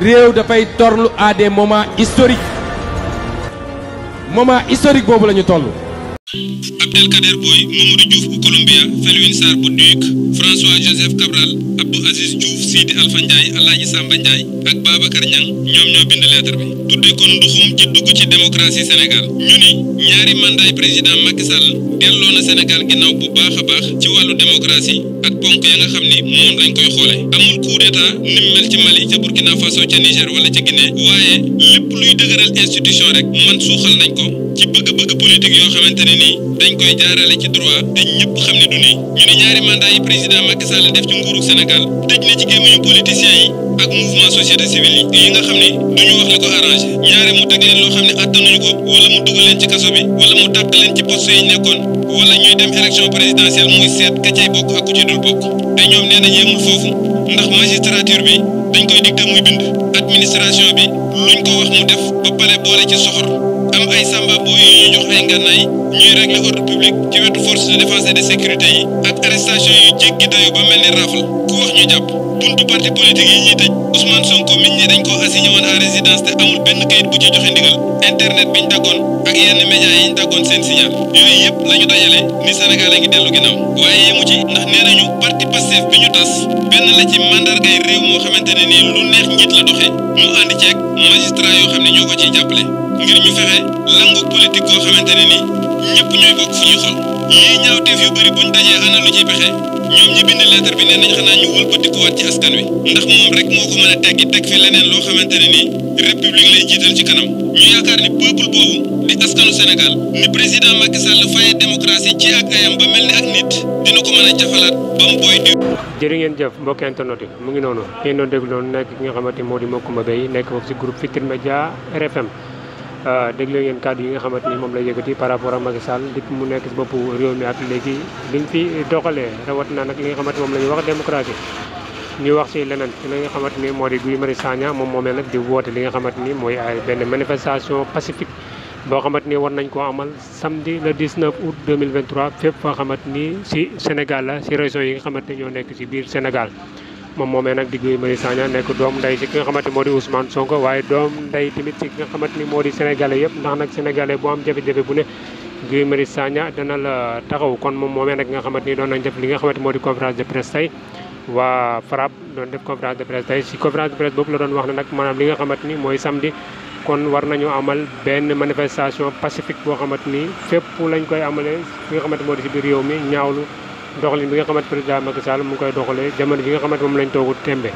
réew dafay torn à des moments historiques moment historique boobu la ñu toll Abdelkader Boy Mamadou Diouf bu Colombia Felwine bu DUC François Joseph Cabral Abdou Aziz Diouf Sidi Alpha Alaaji Samba Ndiaye ak Babacar Niang ñoom ñoo bind lettre bi tudde kon nduxum ci dugg ci démocratie Sénégal ñu ni ñaari mandat président Macky Sall delloo na Sénégal bu baax a baax ci wàllu démocratie ak ponk ya nga xam ni moom lañ koy xoole amul coup d'état ci Mali ca Burkina Faso ca Niger wala ca Guinée waaye lépp luy dëgëral nii dañ koy jaarale ci droit te ñëpp xam ne du nii ñu ne ñaari mandat yi président Macky def ci nguuru Sénégal tëj na ci gémmiñu politiciens yi ak mouvement société civile yi yi nga xam ne duñu wax la ko arrangé ñaari mu teg loo xam ne attanuñu ko wala mu dugal ci kaso bi wala mu tàpp leen ci poste yi nekkoon wala ñuy dem élection présidentielle muy seet ka cay ak ku ci dul bokk te ñoom nee na yemul foofu ndax magistrature bi dañ koy am ay samba booy yu ñuy jox ay ngànnaay ñuy régler ordre public ci wetu force de défense de sécurité yi ak arrestation yu jéggi dayo ba mel ni rafle ku wax ñu jàpp buntu parti politique yi ñuy tëj Ousmane Sonko miñ ne dañ koo assigné woon résidence te amul benn kayit bu ci joxe ndigal internet biñ daggoon ak yenn média yi daggoon seen signal yooyu yëpp la dajale ni Sénégal a ngi dellu ginnaaw waaye yemu ci ndax nee nañu parti Pastef bi ñu tas benn la ci mandargay réew moo xamante ne lu neex njiit la doxee mu ànd ceeg magistrat yoo xam ne ñoo ko ciy jàppale ngir ñu fexe langu politique koo xamante ne nii ñuy ñoom ñi bind lettre bi nee nañ xanaa ñu wëlbati ko waat ci askan wi ndax moom rek moo ko mën a teggi teg fi leneen loo xamante ne république lay jiital ci kanam ñu yaakaar ni peuple boobu di askanu Sénégal ni président Macky Sall fayee démocratie ci ak ayam ba mel ni ak nit dina ko mën a jafalaat ba mu booy diw. jërë jëf mbokk internet mu ngi noonu ngeen doon déglu noonu nekk ki nga xamante moo di Macoumba Beye nekk foofu si groupe Futurs Médias RFM Euh, déglu ngeen kàddu yi nga xamante ni moom la yëkkati par rapport ak Macky Sall depuis mu nekk si boppu réew mi ak léegi liñ fi doxalee rawat na nag li nga xamante moom la ñuy wax démocratie ñu wax si leneen li xamante ni moo di Guy Marius Sagna moom moomee nag di woote li nga xamante ni mooy ay benn manifestation pacifique boo xamante ni war nañ koo amal samedi le 19 août 2023 fépp foo xamante ni si Sénégal la si région yi nga xamante ni ñoo nekk ci biir Sénégal moom moomee nag di Guy Marius Sagna nekk doom ndey ci ki nga xamante moo di Ousmane Sonko waaye doom ndey tamit ci ki nga xamante ni moo di sénégalais yëpp ndax nag sénégalais bu am jafe-jafe bu ne Guy Marius Sagna dana la taxaw kon moom moomee nag nga xamante ni doon nañ def li nga xamante moo di conférence de presse tey waa FRAPP doon def conférence de presse tey si conférence de presse boobu la doon wax ne nag maanaam li nga xamante ni mooy samedi kon war nañu amal benn manifestation pacifique boo xamante ni fépp lañ koy amalee fi nga xamante moo di ci biir réew mi ñaawlu doxalin bi nga xamante président Macky Sall mu ngi koy doxalee jamono ji nga xamante moom lañ toogu tembe